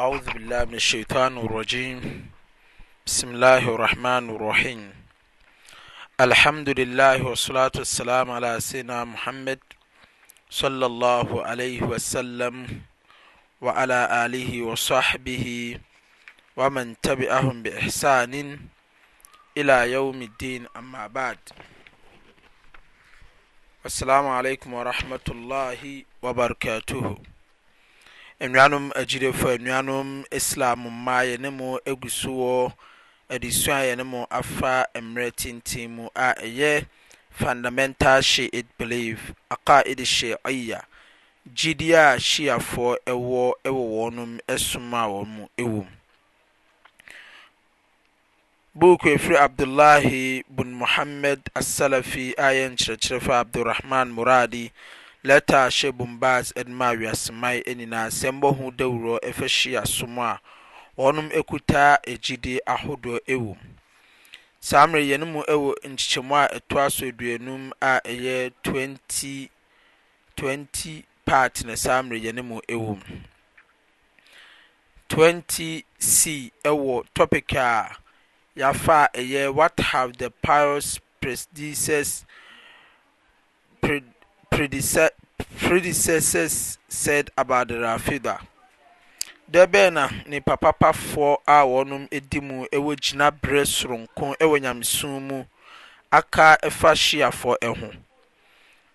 أعوذ بالله من الشيطان الرجيم بسم الله الرحمن الرحيم الحمد لله والصلاة والسلام على سيدنا محمد صلى الله عليه وسلم وعلى آله وصحبه ومن تبعهم بإحسان إلى يوم الدين أما بعد السلام عليكم ورحمة الله وبركاته nnuanom agyilefo eh, nnuanom islam mmaa yɛne mu agu so wɔ adesua a yɛne mu afa mmerɛ tenten mu a ɛyɛ fundamental shi'id belief aqaid shi'iyya gyidi a shiafoɔ ɛwɔ ɛwɔ wɔnom som a wɔn mu ɛwɔ mu buuku efiri abdullahi bun muhammad asalafi a yɛ nkyerɛkyerɛfo abdulrahman muradi leta a ɛhyɛ bombas de maa awiaseman nyinaa asɛm bɔ ho dawuro fa hyia som a wɔnom kuta agyidie ahodoɔ wɔ mu saa mmerɛ yɛn mu wɔ nkyekyɛmu a ɛtoa so aduonum a ɛyɛ 20 20 part na saa mmerɛ yɛn mu wɔ mu 20c wɔ topic a yɛafa a ɛyɛ what have the pious predecessors predecessors said about rafida da bɛn na ne papafoɔ a wɔn di mu wɔ gyina berɛ soronko wɔ nyamesun mu aka fa hyiafoɔ ho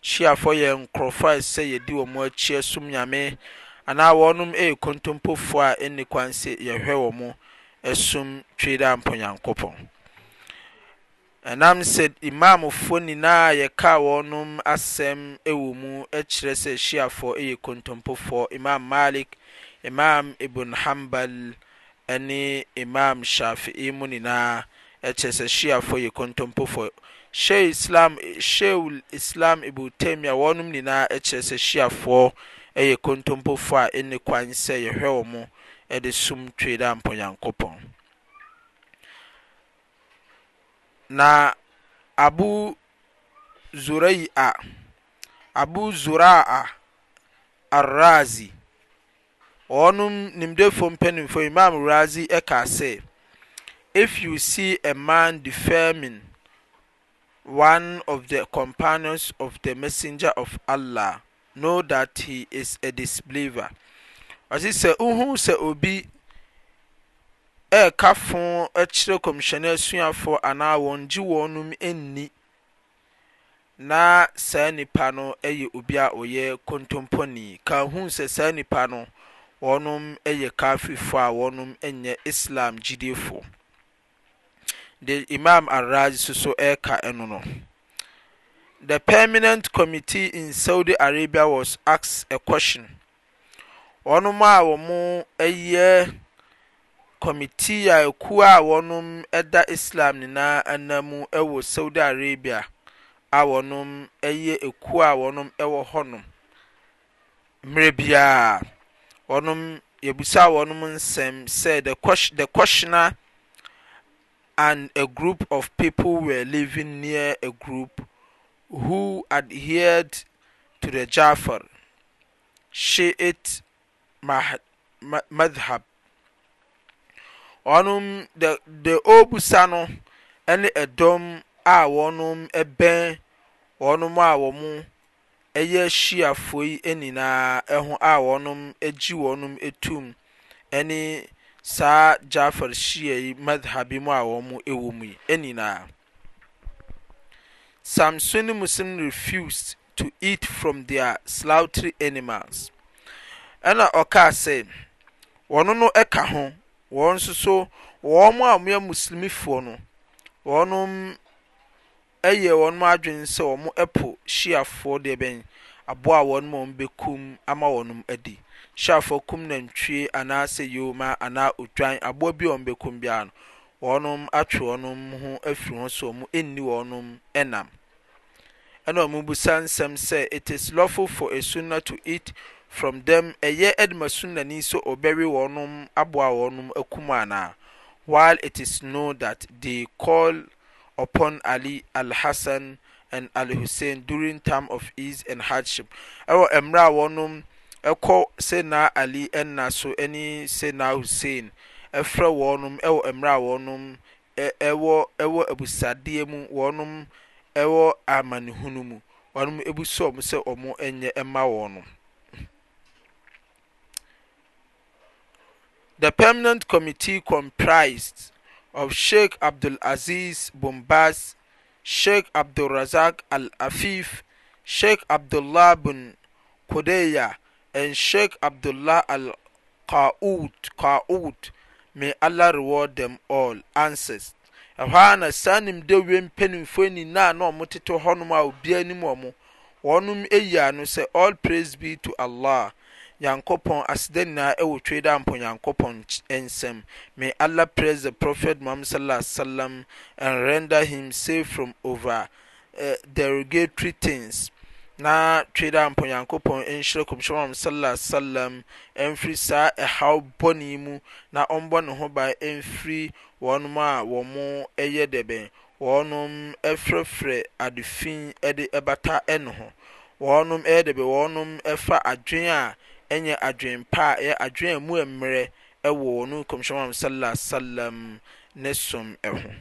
hyiafoɔ yɛ nkurɔfoɔ a sɛ yɛdi wɔn akyi som nyame anaa wɔn yɛ kontompofoɔ a ɛnni kwan sɛ yɛhwɛ wɔn som twere dɛ amponyankopɔn ɛnam sɛ imamfoɔ nyinaa yɛka wɔnom asɛm wɔ mu kyerɛ sɛ hyiafoɔ yɛ kontompofoɔ imam malik imam ibn Hambal ne imam shafi'i mu nyinaa kyerɛ sɛ hyiafoɔ yɛ kontompofoɔ sheikh islam sheikh islam ibu taimia wɔnom nyinaa kyerɛ sɛ hyiafoɔ yɛ kontompofoɔ a ɛne kwan sɛ yɛhwɛ wɔn de sum twe dɛ amponyankopɔn na abu zurai'a abu zura'a arrazi wɔnom nimdefo mpanimfo imam razi ɛka sɛ if you see a man defaming one of the companions of the messenger of allah know that he is a disbeliever ɔsi sɛ uhu sɛ obi ɛɛka fo kyerɛ kɔmhyɛne asuafoɔ anaa wɔn gye wɔnom nni na saa nipa no ɛyɛ obi a ɔyɛ kontompɔni ka hu sɛ saa nipa no wɔnom ɛyɛ kafirfoɔ a wɔnom nyɛ islam gyidiefoɔ de imam araj soso ɛɛka ɛno no the permanent committee in saudi arabia was asked a question wɔnom a wɔn yɛ commitee a ɛkuw a wɔnom ɛda islam nyinaa anam mu wɔ saudi arabia a wɔnom ɛyɛ ɛkuw a wɔnom ɛwɔ hɔnom mmerɛ biaa wɔnom yɛbuso a wɔnom nsɛm sɛ the kwasyina and a group of people were living near a group who adhered to the jaffer sheit madhhab wɔnom de de obusa no ne ɛdɔm a wɔnom bɛn wɔnom a wɔn yɛ hyiafoɔ yi nyinaa ho a wɔnom gye wɔnom tom ne saa jafar hyia yi madhabi mu a wɔn wɔ mu yi nyinaa samson muslim refused to eat from their slaughtered animals ɛna ɔkaa sɛ wɔn no ka ho wɔn nso so wɔn a wɔyɛ muslimifoɔ no wɔn yɛ wɔn adwene sɛ wɔn po shiafoɔ deɛ bɛn aboa a wɔn wɔn bɛkum ama wɔn adi shiafoɔ kum nantwie anaasɛ yoma anaa odwan aboa bi a wɔn bɛkum biara no wɔn atwe wɔn ho afiri wɔn so wɔn nni wɔn nam ɛna wɔn busa nsɛm sɛ it is lawful for a sunna to eat from them ɛyɛ edema sunani sɛ ɔbɛwe wɔnom aboa wɔnom akum anaa while it is known that they call upon ali al-hassan and al-hussein during time of ease and hardship ɛwɔ mmerɛ a wɔnom ɛkɔ sena ali ɛna so ɛne na hussein ɛfrɛ wɔnom ɛwɔ mmerɛ a wɔnom ɛwɔ ɛwɔ abusadeɛ mu wɔnom ɛwɔ amanehunu mu wɔnom ebusu wɔn sɛ wɔn ɛnyɛ ɛma wɔnom. The permanent committee comprised of Sheikh Abdul Aziz Bombas, Sheikh Abdul Razak Al Afif, Sheikh Abdullah bin Qudeya, and Sheikh Abdullah Al Qa'ud, Qa'ud. May Allah reward them all. Answers. ɛhɔ a na saa nimdewie mpanimfoɔ nyinaa na ɔmo tete hɔnom a obiara anim ɔmo wɔnom ayi ano sɛ all praise be to Allah nyankopɔn asedɛ nyinaa ɛwɔ twei de a mpɔ nyankopɔn nsɛm ma alah priss tze profet mohamad slasalam and render him safe from over eh, derogatory tins na twei de a mpɔ nyankopɔn nhyirɛ komyɛ moham salasalam mfiri saa ɛhaw bɔnei mu na ɔmbɔ ne ho ba mfiri wɔnom a wɔ mo ɛyɛ dabɛn wɔnom ɛfrɛfrɛ adefin ɛde ɛbata ɛne ho wɔnom ɛyɛ dabɛ wɔnom ɛfa adwen a ɛnyɛ adwene pa ɛyɛ adwene mu mmerɛ ɛwɔ ɔno kɔmhyɛn mu sallallahu alaihi ne som ɛho.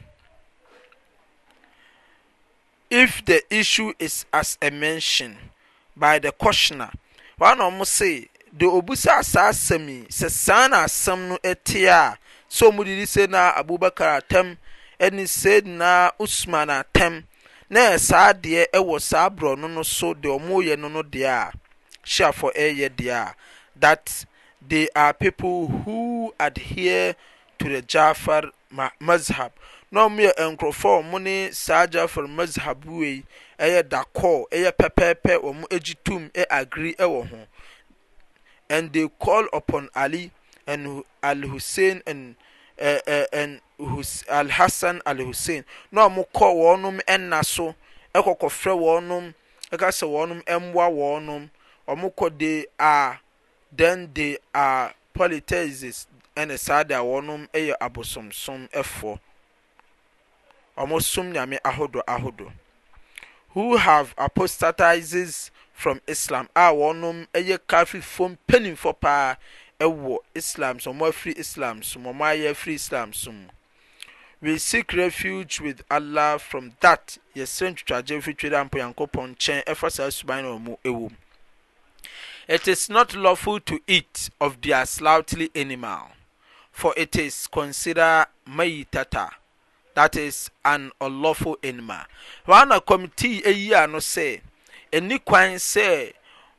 if the issue is as a mention by the questioner wɔn a wɔn se de obusa saa asɛm yi sɛ saa na asɛm no ɛte a sɛ wɔn de se na abubakar atam ɛne sayyidina usman atam na saa deɛ ɛwɔ saa borɔ no no so deɛ wɔn reyɛ no no deɛ a. syiafo ɛyɛ deɛa that the ar peple who adhere to the jafar mazhab na m yɛ nkurɔfo mo ne saa jafar mazhab wei ɛyɛ daco ɛyɛ pɛpɛpɛ ɔ mo gyi tom agri wɔ ho and the call upon ali halhasan alhussaine na mo kɔ wɔ nom ɛna so ɛkɔkɔfrɛ wɔnom ɛka sɛ wɔnom mboa wɔ nom wɔn kɔ they are then they are polytheists ɛna saa de a wɔn yɛ abosomsom ɛfoɔ wɔn som nyame ahodoɔ ahodoɔ who have apostatizes from islam a wɔn yɛ kafirfoɔ mpanimfoɔ paa ɛwɔ islam so wɔn afiri islam so wɔn ayɛ afiri islam so mu we seek refuge with allah from that yɛsrɛ ntwitwagye fitwi dɛ ampo nyankopɔn nkyɛn ɛfa saa suban na wɔn ɛwɔ mu It is not lawful to eat of their slaughtered animal, for it is considered mayitata. That is an unlawful animal. Wɔn a committee ayi ano sɛ, ɛni kwan sɛ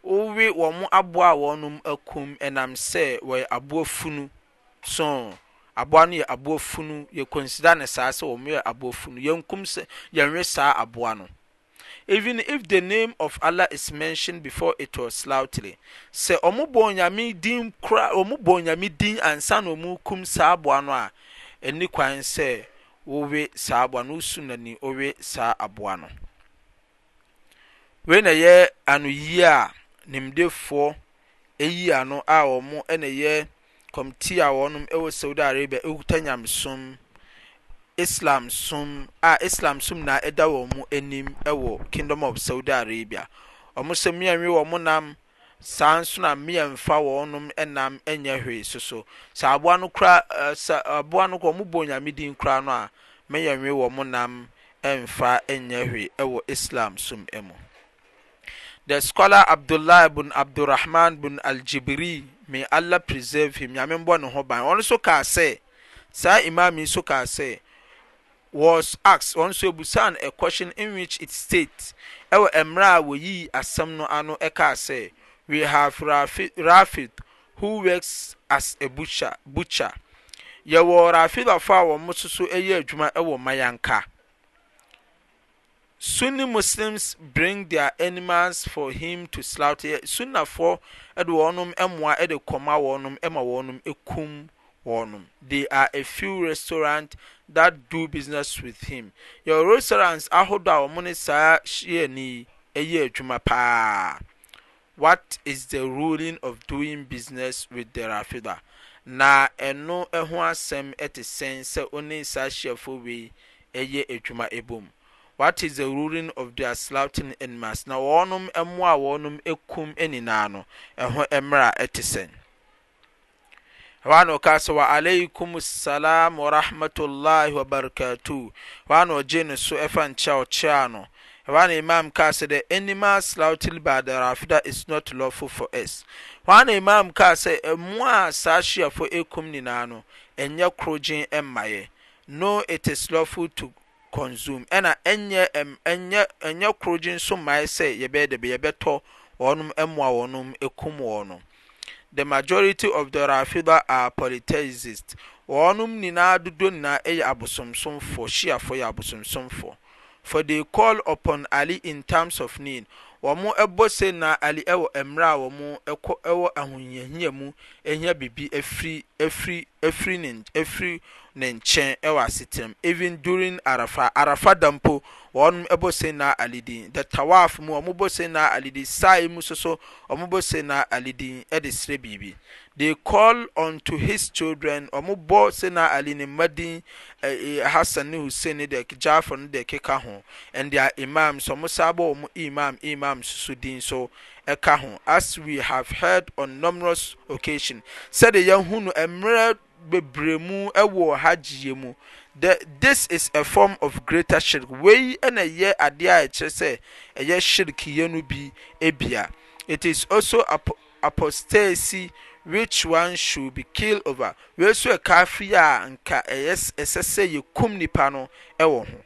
wɔwe wɔn aboa a wɔn akum ɛnam sɛ wɔyɛ aboa funu so aboa no yɛ aboa funu yɛ consider ne saa sɛ wɔn yɛ aboa funu yɛn kum sɛ yɛn we saa aboa no even if the name of allah is mentioned before it was loudly. sɛ ɔmo bɔ nyame din kura ɔmo bɔ nyame din ansa na ɔmo kum saa aboa no a ɛni kwan sɛ wɔwe saa aboa no osu n'ani wɔwe saa aboa no wei na yɛ anoyie a nimdefoɔ eyi ano a wɔn na yɛ kɔmtii a wɔn wɔ saudi arabia ekuta nyamesom. islam sum a islam sum na ɛda wɔn mu anim wɔ kingdom of saudi arabia wɔn sɛ mmiɛnwi wɔn nam saa nso na mmiɛnfa wɔn nam nyɛ hwee so so sɛ aboa no kora ɛɛ sɛ aboa no wɔn bɔ nyame din kora no a mmiɛnwi wɔn nam mfa nyɛ hwee wɔ islam sum mu the scholar abdullah ibn abdulrahman ibn aljibiri may allah preserve him nyame mbɔ ne ho ban wɔn nso kaa sɛ saa Imaami yi nso kaa sɛ. w a ɔnso busan aqueshion in which it state ɛwɔ mmerɛ a wɔyii asɛm no ano ɛkar sɛ we have rafid who works as a butchar yɛwɔ rafid bafo a wɔn mososo yɛ adwuma wɔ ma yanka sunne muslims bring their animals for him to slought sunnaf de wɔnom moa de kɔma wɔnm ma wɔnom kum wɔnom they are a few restaurant that do business with him your restaurants ahodoɔ a wɔn ne saa hyia ni ɛyɛ adwuma paa what is the ruling of doing business with the rafida na ɛno ɛho asɛm ɛte sɛn sɛ ɔne saa hyiafo wei ɛyɛ adwuma ebom what is the ruling of their slaughtering animals na wɔnom ɛmo a wɔnom ekum ɛnyinaa no ɛho ɛmra ɛte sɛn. wano kasa wa alaikum salam wa rahmatullahi wa barakatu wano je ne efan chao nkyɛw wano imam kasa da animal slaughtered by the rafida is not lawful for us wano imam kasa e mwa a ya fo ekum ni no enye krojin emmaye no it is lawful to consume ɛna ɛnyɛ ɛm enye ɛnyɛ korogyen nso se yebe debe yebe to wɔnom emwa wɔnom ekum wɔnom the majority of the rafida are polytheists wɔnom nyinaa dodo nyinaa yɛ e abosomsomfoɔ shiafoɔ yɛ abosomsomfoɔ for they call upon ali in terms of need wɔn bɔ se na ali wɔ mmerɛ a wɔn kɔ wɔ ahohiahia mu hia biribi afiri afiri afiri ne afiri e nkyɛ wɔ asetiram even during arafa arafa dampo ɔnm bɔsenna alidin the tawaf mu mobɔsenna alidin sai mu soso ɔmobɔsena alidin ɛde serɛbiribi the call unto his children ɔmobɔ sena ali ne madin hasan ne hussain n ejafa no de ɛkeka ho ntde a imam so ɔmosa bɔɔ mo imam imam susodin so ɛka ho as we have head on numerous occasion sɛde yahunumer bebree mu wɔ hagyeɛ mu the this is a form of greater shirk wei na ɛyɛ adeɛ a ɛkyerɛ sɛ ɛyɛ shirkiyɛ no bi ebia it is also apostasy which one should be killed over wei so ɛka afiri a nka ɛyɛ ɛsɛ sɛ yɛkum nipa no ɛwɔ ho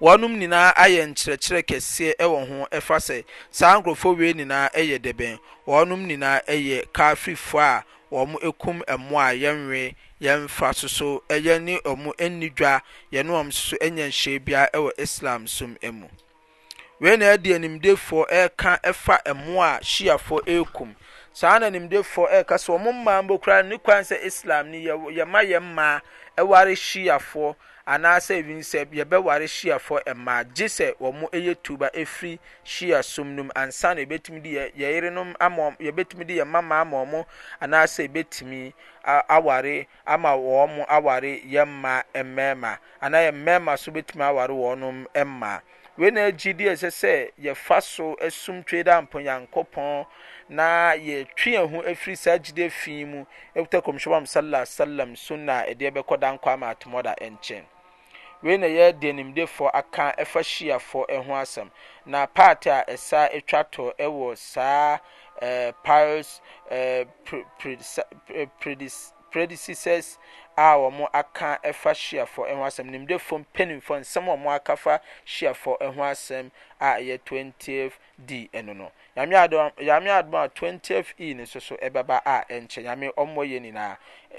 Wɔn nyinaa ayɛ nkyerɛkyerɛ kɛseɛ ɛwɔ ho ɛfa sɛ saa nkurɔfoɔ wei nyinaa ɛyɛ dɛbɛn wɔn nyinaa ɛyɛ kaafi a wɔn kum mmoa a yɛnwe yɛnfa soso ɛyɛ ne wɔn nni dwa yɛne wɔn nso nya nhyɛ biara wɔ islam som mu wei na ɛde animdefoɔ ɛreka ɛfa mmoa a shiafoɔ ɛrekum saa na nimdefoɔ ɛreka sɛ wɔn mmaa mbɔ ne kwan sɛ islam ne yɛma yɛn mmaa ɛware shiafoɔ anaasɛ ebi sɛ yɛbɛware hyiafoɔ mmaa gye sɛ wɔn yɛ tuba efiri shia som nom mu ansa na ebetumi de yɛ yɛyerenom ama yɛbɛtumi de yɛ mama ama wɔn anaasɛ yɛbɛtumi aware ama wɔn aware yɛ mmaa mmarima ana yɛ mmarima nso bɛtumi aware wɔn mmaa wɔn na agyi deɛ ɛsɛ sɛ yɛfa so esum twe dɛ ampɔnyankopɔn na yɛtwe yɛn ho afiri saa gyide fi mu ɛkuta kɔmhyɛbam sallah sallam sunna a ɛdeɛ bɛkɔ da nkɔ ama atomɔda nkyɛn wei na yɛ de nimdefoɔ aka ɛfa hyiafoɔ ho asɛm na part a ɛsa atwa to ɛwɔ saa ɛɛ piles ɛɛ predis predecessors a wɔn aka fa hyiafo ho asɛm nimdefoɔ mpanimfoɔ nsɛm a wɔn aka fa hyiafo ho asɛm a ɛyɛ 20th d ɛno no nyame adom nyame adom a 20th e ne nso so ɛbɛba a ɛnkyɛ nyame ɔmmɔ yɛ nyinaa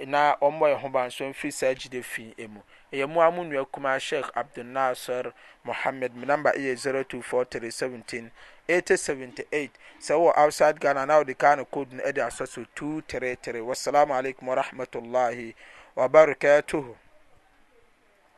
na ɔmmɔ yɛ ho ban nso mfiri saa gyide fi mu ɛyɛ mu a mo nua kuma sheikh abdulnasir mohammed me number ɛyɛ 024317 8078 sɛ wɔ outside ghana na wode kaa no code no ɛde asɔ so 233 wassalamu alaikum warahmatullahi wabarakatuhu